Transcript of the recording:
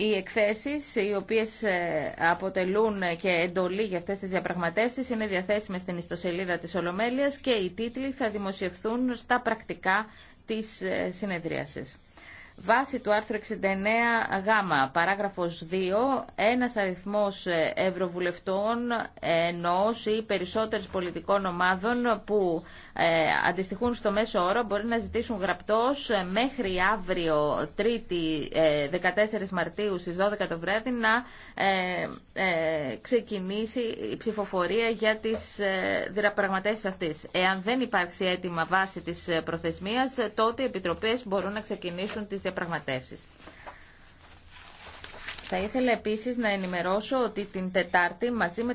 Οι εκθέσεις οι οποίες ε, αποτελούν και εντολή για αυτές τις διαπραγματεύσεις είναι διαθέσιμες στην ιστοσελίδα της Ολομέλειας και οι τίτλοι θα δημοσιευθούν στα πρακτικά της ε, συνεδρίασης. Βάσει του άρθρου 69 γ, παράγραφος 2, ένας αριθμός ευρωβουλευτών ενός ή περισσότερες πολιτικών ομάδων που ε, αντιστοιχούν στο μέσο όρο μπορεί να ζητήσουν γραπτός ε, μέχρι αύριο 3η 14 ε, Μαρτίου στις 12 το βράδυ να ξεκινήσει η ψηφοφορία για τις διαπραγματεύσεις αυτής. Εάν δεν υπάρξει έτοιμα βάση της προθεσμίας, τότε οι επιτροπές μπορούν να ξεκινήσουν τις διαπραγματεύσεις. Θα ήθελα επίσης να ενημερώσω ότι την Τετάρτη μαζί με